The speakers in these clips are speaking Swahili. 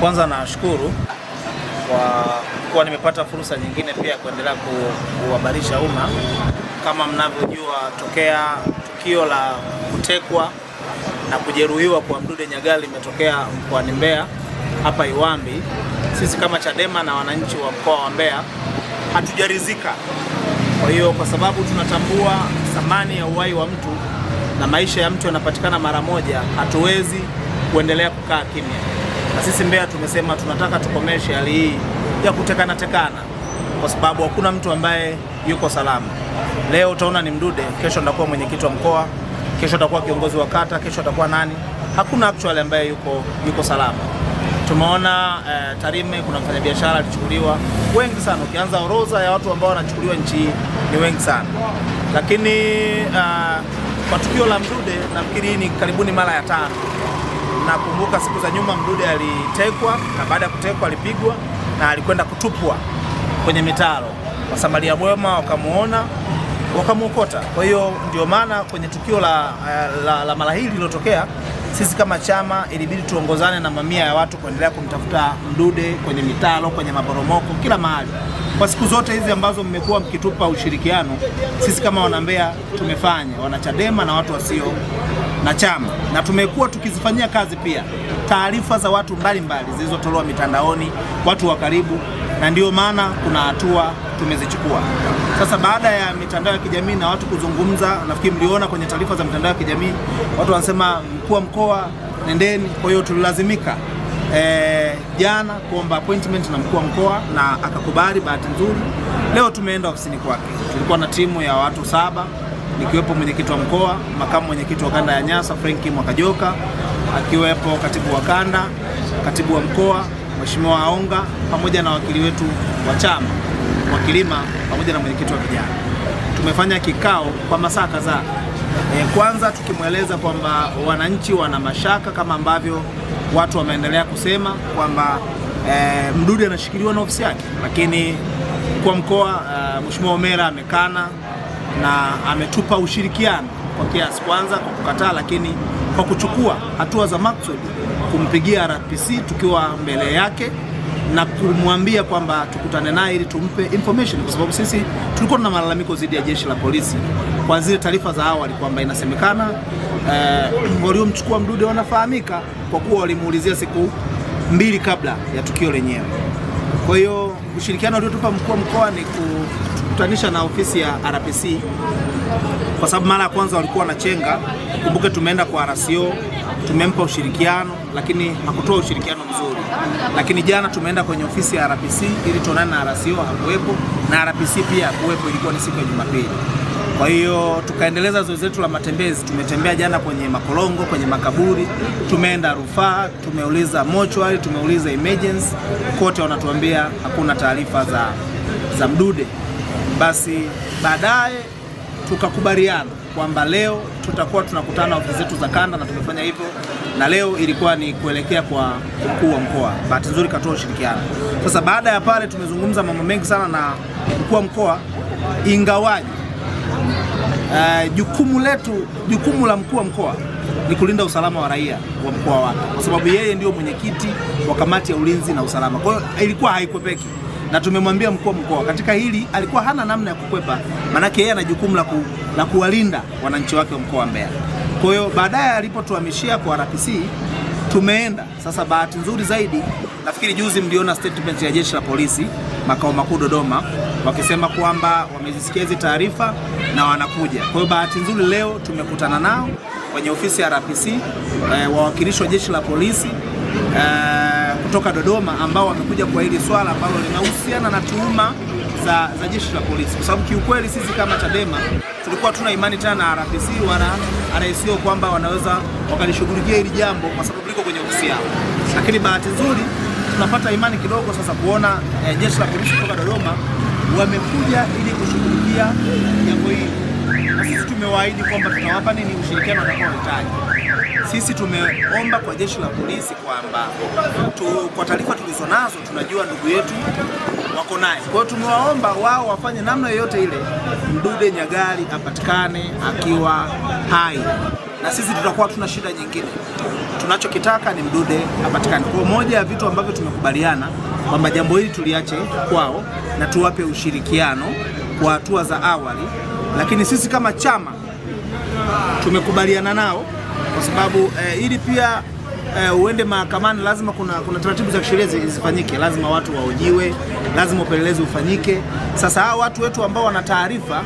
Kwanza nashukuru kwa kuwa nimepata fursa nyingine pia kuendelea kuhabarisha umma. Kama mnavyojua, tokea tukio la kutekwa na kujeruhiwa kwa Mdude Nyagali limetokea mkoani Mbeya hapa Iwambi, sisi kama Chadema na wananchi wa mkoa wa Mbeya hatujarizika Kwa hiyo, kwa sababu tunatambua thamani ya uhai wa mtu na maisha ya mtu yanapatikana mara moja, hatuwezi kuendelea kukaa kimya na sisi Mbeya tumesema tunataka tukomeshe hali hii ya kutekana tekana, kwa sababu hakuna mtu ambaye yuko salama. Leo utaona ni Mdude, kesho ndakuwa mwenyekiti wa mkoa, kesho atakuwa kiongozi wa kata, kesho atakuwa nani. Hakuna actual ambaye yuko, yuko salama. Tumeona eh, Tarime kuna mfanyabiashara alichukuliwa, wengi sana. Ukianza orodha ya watu ambao wanachukuliwa nchi hii ni wengi sana, lakini uh, kwa tukio la Mdude nafikiri ni karibuni mara ya tano nakumbuka siku za nyuma Mdude alitekwa na baada ya kutekwa alipigwa na alikwenda kutupwa kwenye mitaro. Wasamaria mwema wakamuona wakamwokota. Kwa hiyo ndio maana kwenye tukio la, eh, la, la mara hili lililotokea, sisi kama chama ilibidi tuongozane na mamia ya watu kuendelea kumtafuta Mdude kwenye mitaro, kwenye maporomoko, kila mahali. Kwa siku zote hizi ambazo mmekuwa mkitupa ushirikiano, sisi kama wanambea tumefanya, wanachadema na watu wasio na chama, na tumekuwa tukizifanyia kazi pia taarifa za watu mbalimbali zilizotolewa mitandaoni, watu wa karibu, na ndiyo maana kuna hatua tumezichukua. Sasa baada ya mitandao ya kijamii na watu kuzungumza, nafikiri mliona kwenye taarifa za mitandao ya kijamii watu wanasema mkuu wa mkoa nendeni. Kwa hiyo tulilazimika eh, jana kuomba appointment na mkuu wa mkoa na akakubali. Bahati nzuri leo tumeenda ofisini kwake, tulikuwa na timu ya watu saba nikiwepo mwenyekiti wa mkoa, makamu mwenyekiti wa kanda ya Nyasa Frenki Mwakajoka, akiwepo katibu wa kanda, katibu wa mkoa Mheshimiwa Aonga, pamoja na wakili wetu wa chama wa kilima, pamoja na mwenyekiti wa vijana. Tumefanya kikao kwa masaa kadhaa. E, kwanza tukimweleza kwamba wananchi wana mashaka kama ambavyo watu wameendelea kusema kwamba e, Mdude anashikiliwa na ofisi yake, lakini kwa mkoa e, Mheshimiwa Omera amekana na ametupa ushirikiano kwa kiasi, kwanza kwa kukataa, lakini kwa kuchukua hatua za maksudi kumpigia RPC tukiwa mbele yake na kumwambia kwamba tukutane naye ili tumpe information, kwa sababu sisi tulikuwa tuna malalamiko dhidi ya jeshi la polisi kwa zile taarifa za awali kwamba inasemekana eh, waliomchukua Mdude wanafahamika kwa kuwa walimuulizia siku mbili kabla ya tukio lenyewe. Kwa hiyo ushirikiano aliotupa mkuu wa mkoa ni kukutanisha na ofisi ya RPC kwa sababu mara ya kwanza walikuwa wanachenga. Kumbuke tumeenda kwa RCO tumempa ushirikiano, lakini hakutoa ushirikiano mzuri. Lakini jana tumeenda kwenye ofisi ya RPC ili tuonane na RCO, hakuwepo na RPC pia hakuwepo, ilikuwa ni siku ya Jumapili. Kwa hiyo tukaendeleza zoezi letu la matembezi. Tumetembea jana kwenye makolongo kwenye makaburi, tumeenda rufaa, tumeuliza mochwari, tumeuliza emergency, kote wanatuambia hakuna taarifa za, za mdude. Basi baadaye tukakubaliana kwamba leo tutakuwa tunakutana ofisi zetu za kanda na tumefanya hivyo, na leo ilikuwa ni kuelekea kwa mkuu wa mkoa. Bahati nzuri katoa ushirikiano. Sasa baada ya pale tumezungumza mambo mengi sana na mkuu wa mkoa, ingawaji uh, eh, jukumu letu, jukumu la mkuu wa mkoa ni kulinda usalama wa raia wa mkoa wake, kwa sababu yeye ndio mwenyekiti wa kamati ya ulinzi na usalama. Kwa hiyo ilikuwa haikwepeki na tumemwambia mkuu wa mkoa katika hili alikuwa hana namna ya kukwepa, maanake yeye ana jukumu la, ku, la kuwalinda wananchi wake wa mkoa wa Mbeya. Kwa hiyo baadaye alipotuhamishia kwa RPC tumeenda sasa. Bahati nzuri zaidi, nafikiri juzi mliona statement ya jeshi la polisi makao makuu Dodoma wakisema kwamba wamezisikia hizi taarifa na wanakuja. Kwa hiyo bahati nzuri leo tumekutana nao kwenye ofisi ya RPC, eh, wawakilishi wa jeshi la polisi eh, kutoka Dodoma ambao wamekuja kwa hili swala ambalo linahusiana na tuhuma za, za jeshi la polisi, kwa sababu kiukweli sisi kama Chadema tulikuwa tuna imani tena na RPC wala RSO kwamba wanaweza wakalishughulikia hili jambo kwa sababu liko kwenye ofisi yao, lakini bahati nzuri tunapata imani kidogo sasa kuona eh, jeshi la polisi kutoka Dodoma wamekuja ili kushughulikia jambo hili, na sisi tumewaahidi kwamba tunawapa nini ushirikiano watakaohitaji. Sisi tumeomba kwa jeshi la polisi kwamba tu, kwa taarifa tulizonazo tunajua ndugu yetu wako naye. Kwa hiyo tumewaomba wao wafanye namna yoyote ile Mdude Nyagali apatikane akiwa hai, na sisi tutakuwa tuna shida nyingine. Tunachokitaka ni Mdude apatikane. Kwa moja ya vitu ambavyo tumekubaliana kwamba jambo hili tuliache kwao na tuwape ushirikiano kwa hatua za awali, lakini sisi kama chama tumekubaliana nao kwa sababu eh, ili pia eh, uende mahakamani lazima kuna, kuna taratibu za kisheria zifanyike, lazima watu waojiwe, lazima upelelezi ufanyike. Sasa hawa watu wetu ambao wana taarifa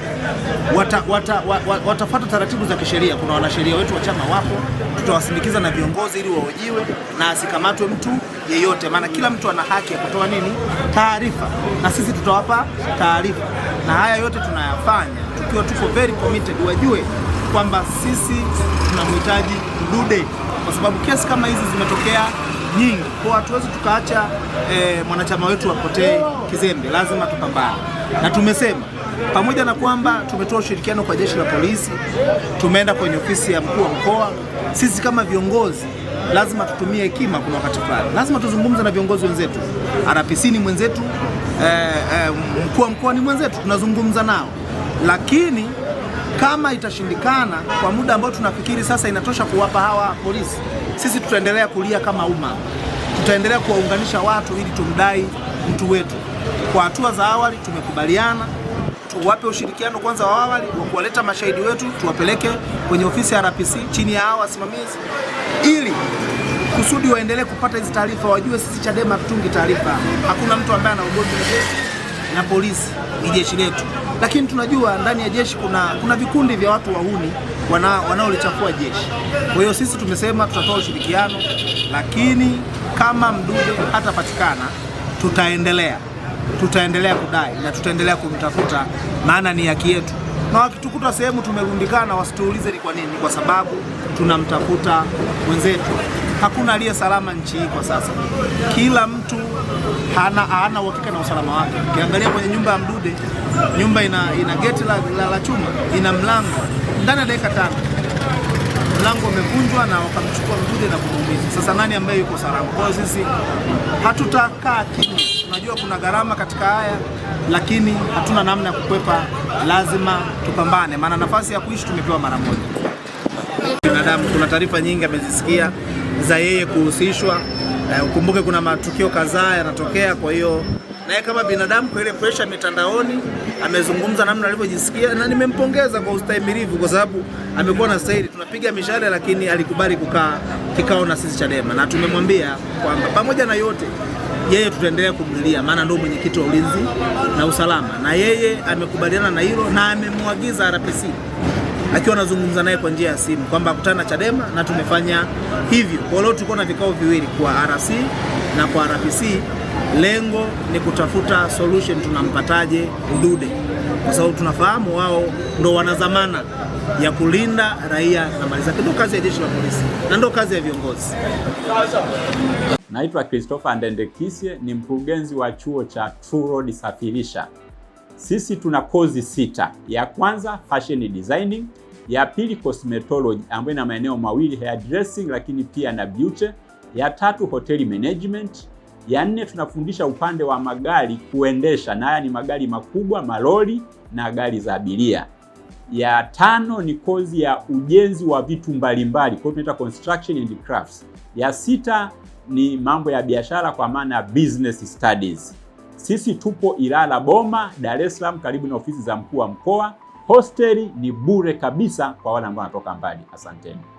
watafuata wata, wata, wata taratibu za kisheria. Kuna wanasheria wetu wa chama wapo, tutawasindikiza na viongozi ili waojiwe na asikamatwe mtu yeyote, maana kila mtu ana haki ya kutoa nini taarifa, na sisi tutawapa taarifa, na haya yote tunayafanya tukiwa tuko very committed, wajue kwamba sisi tunamhitaji dude kwa sababu kesi kama hizi zimetokea nyingi, kwa hatuwezi tukaacha e, mwanachama wetu apotee kizembe, lazima tupambane. Na tumesema pamoja na kwamba tumetoa ushirikiano kwa jeshi la polisi, tumeenda kwenye ofisi ya mkuu wa mkoa, sisi kama viongozi lazima tutumie hekima. Kuna wakati fulani lazima tuzungumze na viongozi wenzetu, RPC ni mwenzetu, e, e, mkuu wa mkoa ni mwenzetu, tunazungumza nao lakini kama itashindikana kwa muda ambao tunafikiri sasa inatosha kuwapa hawa polisi, sisi tutaendelea kulia kama umma, tutaendelea kuwaunganisha watu ili tumdai mtu wetu. Kwa hatua za awali tumekubaliana tuwape ushirikiano kwanza wa awali wa kuwaleta mashahidi wetu, tuwapeleke kwenye ofisi ya RPC chini ya hawa wasimamizi, ili kusudi waendelee kupata hizi taarifa, wajue sisi Chadema tungi taarifa. Hakuna mtu ambaye ana ugomvi na polisi ni jeshi letu, lakini tunajua ndani ya jeshi kuna, kuna vikundi vya watu wahuni wanaolichafua wana jeshi. Kwa hiyo sisi tumesema tutatoa ushirikiano, lakini kama Mdude hatapatikana tutaendelea tutaendelea kudai na tutaendelea kumtafuta, maana ni haki yetu, na wakitukuta sehemu tumerundikana wasituulize ni kwa nini, kwa sababu tunamtafuta mwenzetu hakuna aliye salama nchi hii kwa sasa. Kila mtu hana hana uhakika na usalama wake. Ukiangalia kwenye nyumba ya Mdude, nyumba ina, ina geti la, la, la chuma, ina mlango ndani ya dakika tano mlango umevunjwa na wakamchukua Mdude na kumuumiza. Sasa nani ambaye yuko salama? Kwa hiyo sisi hatutakaa kimya. Tunajua kuna gharama katika haya, lakini hatuna namna ya kukwepa, lazima tupambane, maana nafasi ya kuishi tumepewa mara moja. Binadamu, kuna taarifa nyingi amezisikia za yeye kuhusishwa. Uh, ukumbuke kuna matukio kadhaa yanatokea, kwa hiyo naye kama binadamu kwa ile pressure mitandaoni amezungumza namna alivyojisikia, na nimempongeza kwa ustahimilivu, kwa sababu amekuwa na stahili. Tunapiga mishale, lakini alikubali kukaa kikao na sisi Chadema, na tumemwambia kwamba pamoja na yote yeye tutaendelea kumlilia, maana ndio mwenyekiti wa ulinzi na usalama, na yeye amekubaliana na hilo na amemwagiza RPC akiwa anazungumza naye kwa njia ya simu kwamba akutana na Chadema na tumefanya hivyo. Kwa leo tulikuwa na vikao viwili kwa RC na kwa RPC, lengo ni kutafuta solution, tunampataje Mdude, kwa sababu tunafahamu wao ndo wanazamana ya kulinda raia na mali zake. ndo kazi ya jeshi la polisi na ndo kazi ya viongozi. Naitwa Christopher Ndendekisye, ni mkurugenzi wa chuo cha True Road Safirisha. Sisi tuna kozi sita. Ya kwanza fashion designing ya pili cosmetology, ambayo ina maeneo mawili hair dressing, lakini pia na beauty. Ya tatu hotel management. Ya nne tunafundisha upande wa magari kuendesha, na haya ni magari makubwa, malori na gari za abiria. Ya tano ni kozi ya ujenzi wa vitu mbalimbali, kwa hiyo tunaita construction and crafts. Ya sita ni mambo ya biashara kwa maana business studies. Sisi tupo Ilala Boma, Dar es Salaam, karibu na ofisi za mkuu wa mkoa. Hosteli ni bure kabisa kwa wale ambao wanatoka mbali. Asanteni.